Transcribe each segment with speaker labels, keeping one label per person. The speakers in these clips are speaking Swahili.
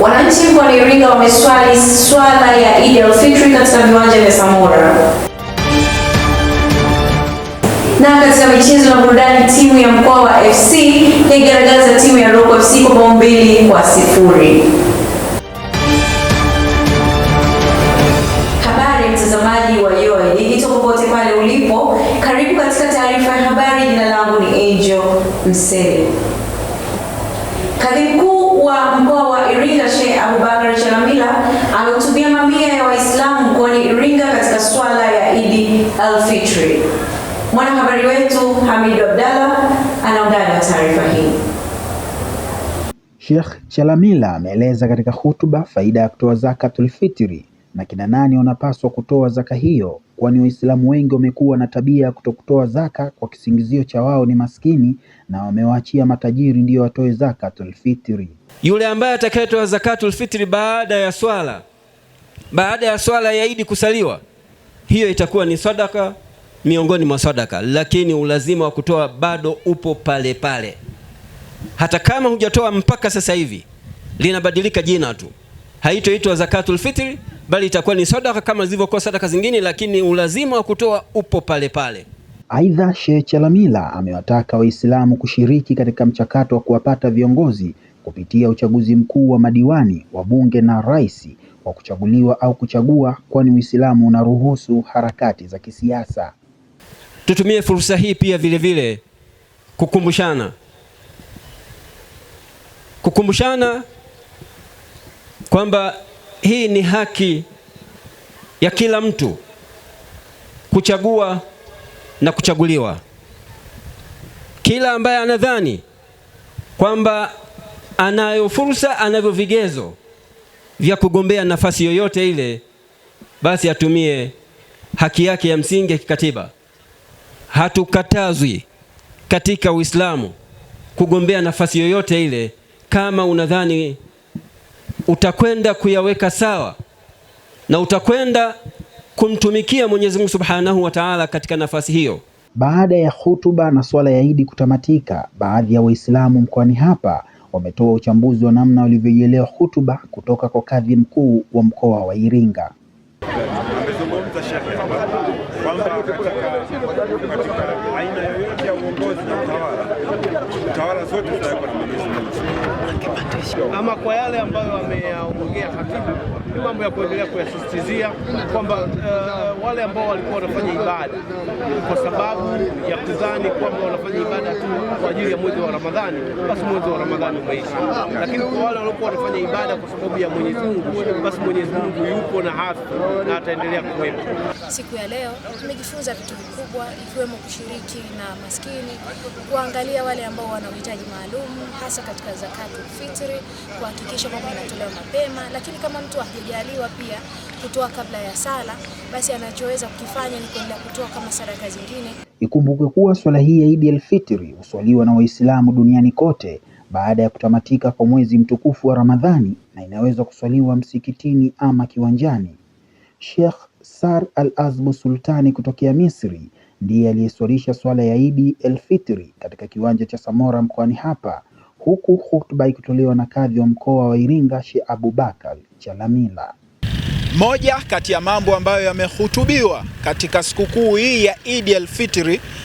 Speaker 1: Wananchi mkoani Iringa wameswali swala ya Idi al-Fitri katika viwanja vya Samora. Na katika michezo na burudani, timu ya mkoa wa FC yaigaragaza timu ya Roko FC kwa bao mbili kwa sifuri. Habari mtazamaji wa Yoe Digital, popote pale ulipo, karibu katika taarifa ya habari. Jina langu ni Angel Msele. Mwanahabari wetu Hamidu Abdalla anaongana taarifa hii.
Speaker 2: Sheikh Chalamila ameeleza katika hutuba faida ya kutoa zakatul fitri na kina nani wanapaswa kutoa zaka hiyo, kwani Waislamu wengi wamekuwa na tabia ya kutokutoa zaka kwa kisingizio cha wao ni maskini na wamewaachia matajiri ndiyo watoe zakatul fitri.
Speaker 3: Yule ambaye atakayetoa zakatul fitri baada ya swala, baada ya swala ya Idi kusaliwa, hiyo itakuwa ni sadaka miongoni mwa sadaka, lakini ulazima wa kutoa bado upo pale pale. Hata kama hujatoa mpaka sasa hivi, linabadilika jina tu, haitoitwa zakatul fitri, bali itakuwa ni sadaka kama zilivyokuwa sadaka zingine, lakini ulazima wa kutoa upo pale pale.
Speaker 2: Aidha, Sheikh Chalamila amewataka Waislamu kushiriki katika mchakato wa kuwapata viongozi kupitia uchaguzi mkuu wa madiwani, wa bunge na rais wa kuchaguliwa au kuchagua, kwani Uislamu unaruhusu harakati za kisiasa
Speaker 3: tutumie fursa hii pia vile vile kukumbushana, kukumbushana kwamba hii ni haki ya kila mtu kuchagua na kuchaguliwa. Kila ambaye anadhani kwamba anayo fursa, anavyo vigezo vya kugombea nafasi yoyote ile, basi atumie haki yake ya msingi ya kikatiba hatukatazwi katika Uislamu kugombea nafasi yoyote ile. Kama unadhani utakwenda kuyaweka sawa na utakwenda kumtumikia Mwenyezi Mungu Subhanahu wa Ta'ala katika nafasi hiyo.
Speaker 2: Baada ya hutuba na swala ya Idi kutamatika, baadhi ya Waislamu mkoani hapa wametoa uchambuzi wa namna walivyoielewa hutuba kutoka kwa kadhi mkuu wa mkoa wa Iringa.
Speaker 4: ama kwa yale ambayo wameyaongea katibu, ni mambo ya kuendelea kuyasisitizia kwamba uh, wale ambao walikuwa wanafanya ibada kwa sababu ya kudhani kwamba wanafanya ibada tu kwa ajili ya mwezi wa Ramadhani, basi mwezi wa Ramadhani umeisha. Lakini kwa wale waliokuwa wanafanya ibada kwa sababu ya Mwenyezi Mungu, basi Mwenyezi Mungu yupo na hafi na ataendelea kuwepo.
Speaker 5: Siku ya leo tumejifunza vitu vikubwa, ikiwemo kushiriki na maskini, kuangalia wale ambao wana uhitaji maalum, hasa katika zakatu fitri, kuhakikisha kwamba inatolewa mapema, lakini kama mtu hakijaliwa pia kutoa kabla ya sala, basi anachoweza kukifanya ni kuendelea kutoa kama sadaka zingine.
Speaker 2: Ikumbukwe kuwa swala hii ya Idi el-Fitri huswaliwa na Waislamu duniani kote baada ya kutamatika kwa mwezi mtukufu wa Ramadhani na inaweza kuswaliwa msikitini ama kiwanjani. Sheikh Sar Al-Azmu Sultani kutokea Misri ndiye aliyeswalisha swala ya Idi el-Fitri katika kiwanja cha Samora mkoani hapa, huku hutuba ikitolewa na kadhi wa mkoa wa Iringa Sheikh Abubakar Chalamila.
Speaker 3: Moja kati ya mambo ambayo yamehutubiwa katika sikukuu hii ya Idi al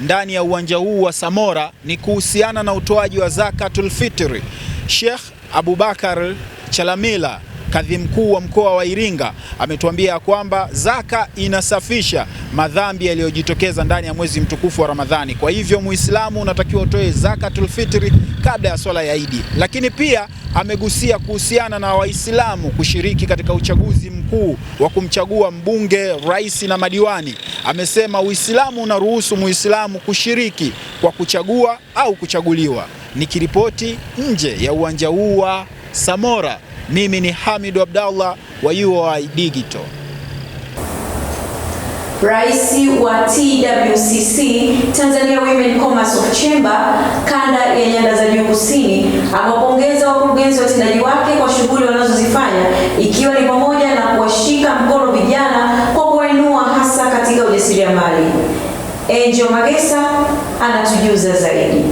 Speaker 3: ndani ya uwanja huu wa Samora ni kuhusiana na utoaji wa zakatul fitri. Sheikh Abubakar Chalamila Kadhi mkuu wa mkoa wa Iringa ametuambia kwamba zaka inasafisha madhambi yaliyojitokeza ndani ya mwezi mtukufu wa Ramadhani. Kwa hivyo Muislamu unatakiwa utoe zakatul fitri kabla ya swala ya Idi, lakini pia amegusia kuhusiana na Waislamu kushiriki katika uchaguzi mkuu wa kumchagua mbunge, rais na madiwani. Amesema Uislamu unaruhusu Muislamu kushiriki kwa kuchagua au kuchaguliwa. Nikiripoti nje ya uwanja huu wa Samora mimi ni Hamidu Abdallah wa UoI Digital.
Speaker 1: Rais wa TWCC Tanzania Women Commerce of Chamber kanda ya nyanda za juu kusini amewapongeza wakurugenzi watendaji wake kwa shughuli wanazozifanya ikiwa ni pamoja na kuwashika mkono vijana kwa kuwainua hasa katika ujasiriamali. Angel Magesa anatujuza zaidi.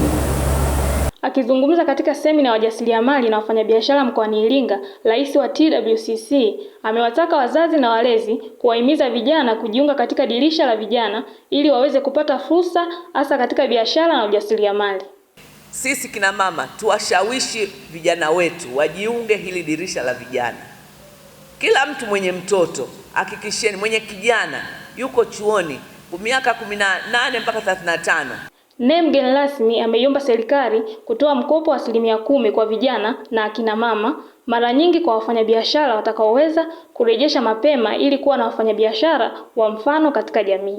Speaker 6: Akizungumza katika semina ya wajasiriamali na wafanyabiashara mkoani Iringa, Rais wa TWCC amewataka wazazi na walezi kuwahimiza vijana kujiunga katika dirisha la vijana ili waweze kupata fursa hasa katika biashara na ujasiriamali.
Speaker 7: Sisi kina mama tuwashawishi vijana wetu wajiunge hili dirisha la vijana. Kila mtu mwenye mtoto hakikisheni, mwenye kijana yuko chuoni miaka 18 mpaka 35
Speaker 6: Naye mgeni rasmi ameiomba serikali kutoa mkopo wa asilimia kumi kwa vijana na akina mama, mara nyingi kwa wafanyabiashara watakaoweza kurejesha mapema ili kuwa na wafanyabiashara wa mfano katika jamii.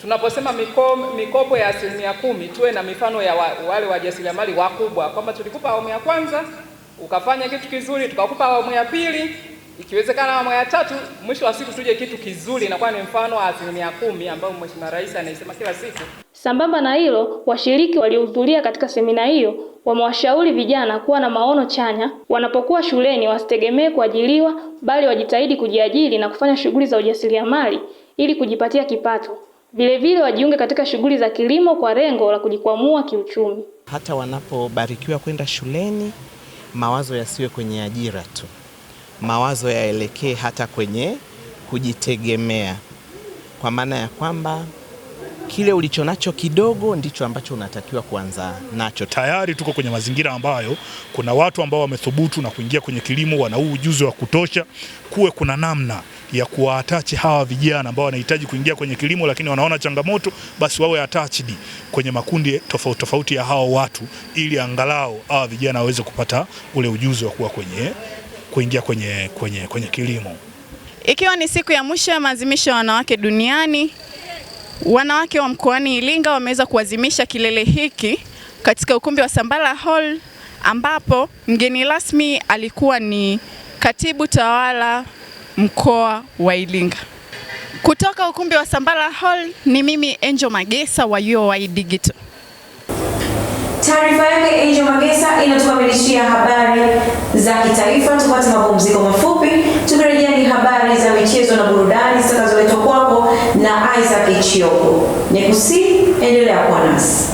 Speaker 8: Tunaposema miko, mikopo ya asilimia kumi tuwe na mifano ya wa, wale wajasiriamali wakubwa kwamba tulikupa awamu ya kwanza ukafanya kitu kizuri, tukakupa awamu ya pili ikiwezekana awamu ya tatu, mwisho wa siku tuje kitu kizuri, inakuwa ni mfano wa asilimia kumi ambayo Mheshimiwa Rais anaisema kila siku.
Speaker 6: Sambamba na hilo, washiriki waliohudhuria katika semina hiyo wamewashauri vijana kuwa na maono chanya wanapokuwa shuleni, wasitegemee kuajiriwa, bali wajitahidi kujiajiri na kufanya shughuli za ujasiriamali ili kujipatia kipato. Vilevile wajiunge katika shughuli za kilimo kwa lengo la kujikwamua kiuchumi.
Speaker 9: Hata wanapobarikiwa kwenda shuleni, mawazo yasiwe kwenye ajira tu mawazo yaelekee hata kwenye kujitegemea, kwa maana ya kwamba kile ulichonacho kidogo ndicho ambacho unatakiwa kuanza nacho.
Speaker 10: Tayari tuko kwenye mazingira ambayo kuna watu ambao wamethubutu na kuingia kwenye kilimo, wana huu ujuzi wa kutosha, kuwe kuna namna ya kuwaatachi hawa vijana ambao wanahitaji kuingia kwenye kilimo lakini wanaona changamoto, basi wawe attached kwenye makundi tofauti tofauti ya hao watu, ili angalau hawa vijana waweze kupata ule ujuzi wa kuwa kwenye kuingia kwenye, kwenye, kwenye kilimo.
Speaker 11: Ikiwa ni siku ya mwisho ya maadhimisho ya wanawake duniani, wanawake wa mkoani Iringa wameweza kuadhimisha kilele hiki katika ukumbi wa Sambala Hall ambapo mgeni rasmi alikuwa ni katibu tawala mkoa wa Iringa. Kutoka ukumbi wa Sambala Hall ni mimi Angel Magesa wa UoI Digital.
Speaker 1: Taarifa yake Angel Magesa inatukamilishia habari za kitaifa. Tupate mapumziko mafupi, tukirejea ni habari za michezo na burudani zitakazoletwa kwako na Isaac Chioko. Nikusi, endelea kuwa nasi.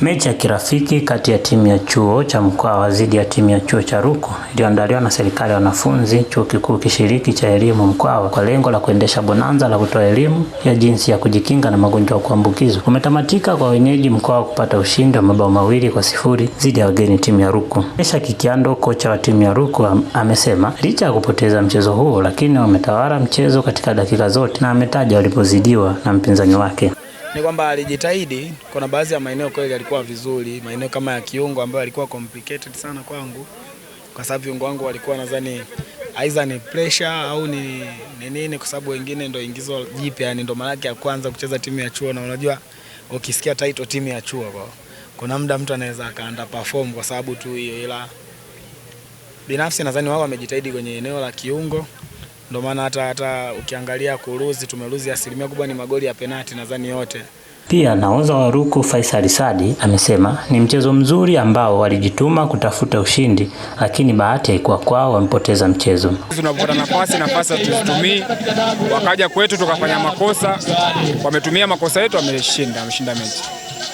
Speaker 12: Mechi ya kirafiki kati ya timu ya chuo cha Mkwawa dhidi ya timu ya chuo cha Ruku iliyoandaliwa na serikali ya wanafunzi chuo kikuu kishiriki cha elimu Mkwawa kwa lengo la kuendesha bonanza la kutoa elimu ya jinsi ya kujikinga na magonjwa ya kuambukizwa umetamatika kwa wenyeji Mkwawa kupata ushindi wa mabao mawili kwa sifuri dhidi ya wageni timu ya Ruku. Mesha Kikiando, kocha wa timu ya Ruku, amesema licha ya kupoteza mchezo huo, lakini wametawala mchezo katika dakika zote na ametaja walipozidiwa na mpinzani wake
Speaker 13: ni kwamba alijitahidi. Kuna baadhi ya maeneo kweli yalikuwa vizuri, maeneo kama ya kiungo ambayo alikuwa complicated sana kwangu, kwa sababu viungo wangu walikuwa nadhani aidha ni pressure au ni nini, ni kwa sababu wengine ndo ingizo jipya, yani ndo mara yake ya kwanza kucheza timu ya chuo, na unajua ukisikia title timu ya chuo kwa kuna muda mtu anaweza akaanda perform kwa sababu tu hiyo, ila binafsi nadhani wao wamejitahidi kwenye eneo la kiungo. Ndio maana hata hata ukiangalia kuruzi tumeruzi asilimia kubwa ni magoli ya penati nadhani yote.
Speaker 12: Pia naoza wa Ruku Faisal Sadi amesema ni mchezo mzuri ambao walijituma kutafuta ushindi, lakini bahati haikuwa kwao, wamepoteza mchezo.
Speaker 14: Tunapata nafasi, nafasi tuzitumii, wakaja kwetu tukafanya makosa, wametumia makosa yetu, wameshinda, wameshinda mechi.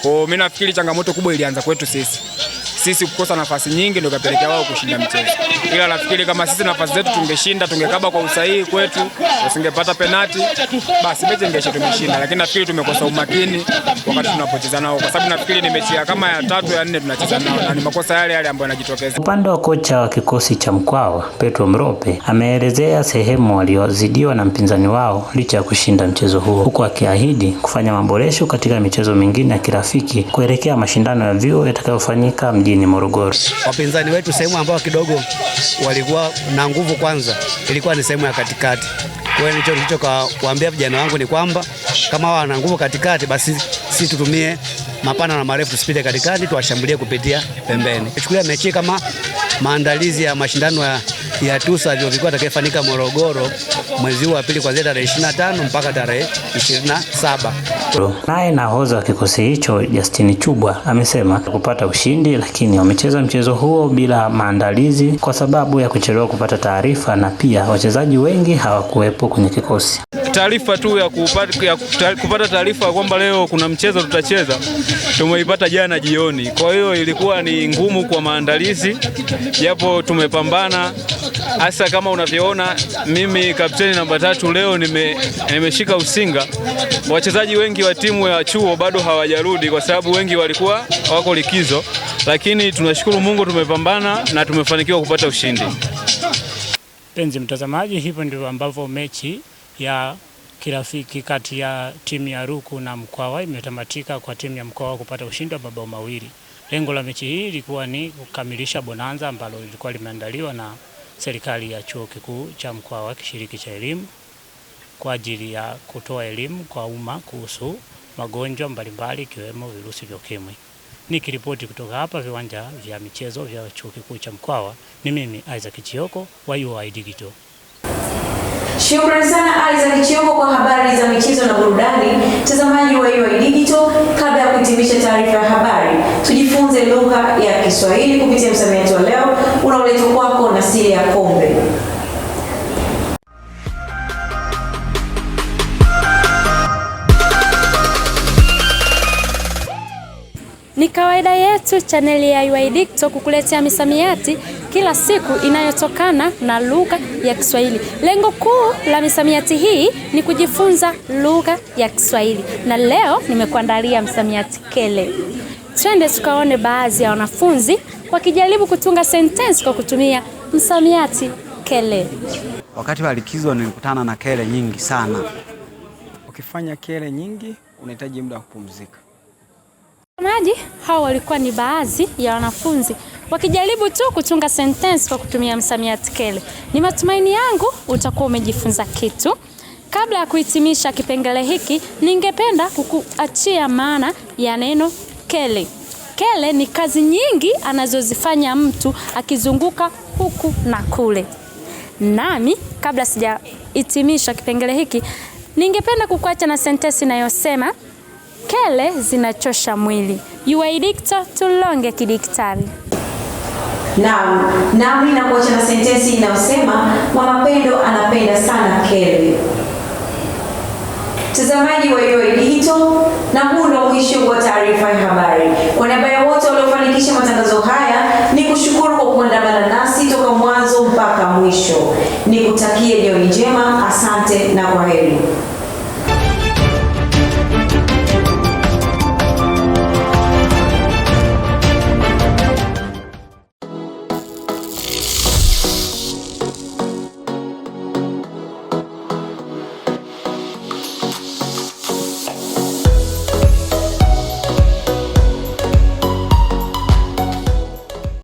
Speaker 14: Kwa mimi nafikiri changamoto kubwa ilianza kwetu sisi sisi kukosa nafasi nyingi ndio kapelekea wao kushinda mchezo, ila nafikiri kama sisi nafasi zetu tungeshinda, tungekaba kwa usahihi kwetu, usingepata penati, basi mechi ingeisha tumeshinda. Lakini nafikiri tumekosa umakini wakati tunapocheza nao, kwa sababu nafikiri ni mechi kama ya tatu ya nne tunacheza nao na ni makosa yale yale ambayo yanajitokeza.
Speaker 12: Upande wa kocha wa kikosi cha Mkwawa Petro Mrope ameelezea sehemu waliozidiwa na mpinzani wao licha ya kushinda mchezo huo, huku akiahidi kufanya maboresho katika michezo mingine ya kirafiki kuelekea mashindano ya vyuo yatakayofanyika mjini Morogoro.
Speaker 15: Wapinzani wetu sehemu ambao kidogo walikuwa na nguvu kwanza ilikuwa ni sehemu ya katikati. Kwa hiyo nicho nilichokawaambia vijana wangu ni kwamba kama wana nguvu katikati, basi si tutumie mapana na marefu, tusipite katikati, tuwashambulie kupitia pembeni. Chukulia mechi kama maandalizi ya mashindano ya ya TUSA vyuo vikuu atakayefanyika Morogoro mwezi huu wa pili kuanzia tarehe 25 mpaka tarehe 27
Speaker 12: tatu. Naye nahodha wa kikosi hicho Justin Chubwa amesema kupata ushindi, lakini wamecheza mchezo huo bila maandalizi kwa sababu ya kuchelewa kupata taarifa, na pia wachezaji wengi hawakuwepo kwenye kikosi
Speaker 16: taarifa tu ya kupata, kupata taarifa kwamba leo kuna mchezo tutacheza tumeipata jana jioni. Kwa hiyo ilikuwa ni ngumu kwa maandalizi, japo tumepambana hasa kama unavyoona mimi kapteni namba tatu leo nime, nimeshika usinga. Wachezaji wengi wa timu ya chuo bado hawajarudi kwa sababu wengi walikuwa wako likizo, lakini tunashukuru Mungu tumepambana na tumefanikiwa kupata ushindi.
Speaker 17: Mpenzi mtazamaji, hivyo ndivyo ambavyo mechi ya kirafiki kati ya timu ya Ruku na Mkwawa imetamatika kwa timu ya Mkwawa kupata ushindi wa mabao mawili. Lengo la mechi hii ilikuwa ni kukamilisha bonanza ambalo lilikuwa limeandaliwa na serikali ya Chuo Kikuu cha Mkwawa kishiriki cha elimu kwa ajili ya kutoa elimu kwa umma kuhusu magonjwa mbalimbali ikiwemo virusi vya UKIMWI. Nikiripoti kutoka hapa viwanja vya michezo vya Chuo Kikuu cha Mkwawa, ni mimi Isaac Chioko wa UoI Digital.
Speaker 1: Shukrani sana Isaac Chioko kwa habari za michezo na burudani. Mtazamaji wa UoI Digital, kabla ya kuhitimisha taarifa ya habari, tujifunze lugha ya Kiswahili kupitia msamiati wa leo unaoletwa kwako na ya Kombe.
Speaker 18: Ni kawaida yetu chaneli ya UoI Digital kukuletea misamiati kila siku inayotokana na lugha ya Kiswahili. Lengo kuu la misamiati hii ni kujifunza lugha ya Kiswahili, na leo nimekuandalia msamiati kele. Twende tukaone baadhi ya wanafunzi wakijaribu kutunga sentensi kwa kutumia msamiati kele.
Speaker 19: Wakati wa likizo nilikutana na kele nyingi sana. Ukifanya kele nyingi unahitaji muda wa kupumzika.
Speaker 18: Maji hao walikuwa ni baadhi ya wanafunzi wakijaribu tu kutunga sentensi kwa kutumia msamiati kele. Ni matumaini yangu utakuwa umejifunza kitu. Kabla ya kuhitimisha kipengele hiki, ningependa kukuachia maana ya neno kele. Kele ni kazi nyingi anazozifanya mtu akizunguka huku na kule. Nami kabla sijahitimisha kipengele hiki, ningependa kukuacha na sentensi inayosema kele zinachosha mwili. Uwaidikto tulonge kidiktari.
Speaker 1: Naam, nami nakuacha na sentensi inayosema Mama anapenda sana Kelwe. Mtazamaji wa UoI Digital, na huu ndio mwisho wa taarifa ya habari. Kwa niaba ya wote waliofanikisha matangazo haya, ni kushukuru kwa kuandamana nasi toka mwanzo mpaka mwisho. Nikutakie jioni njema, asante na kwaheri.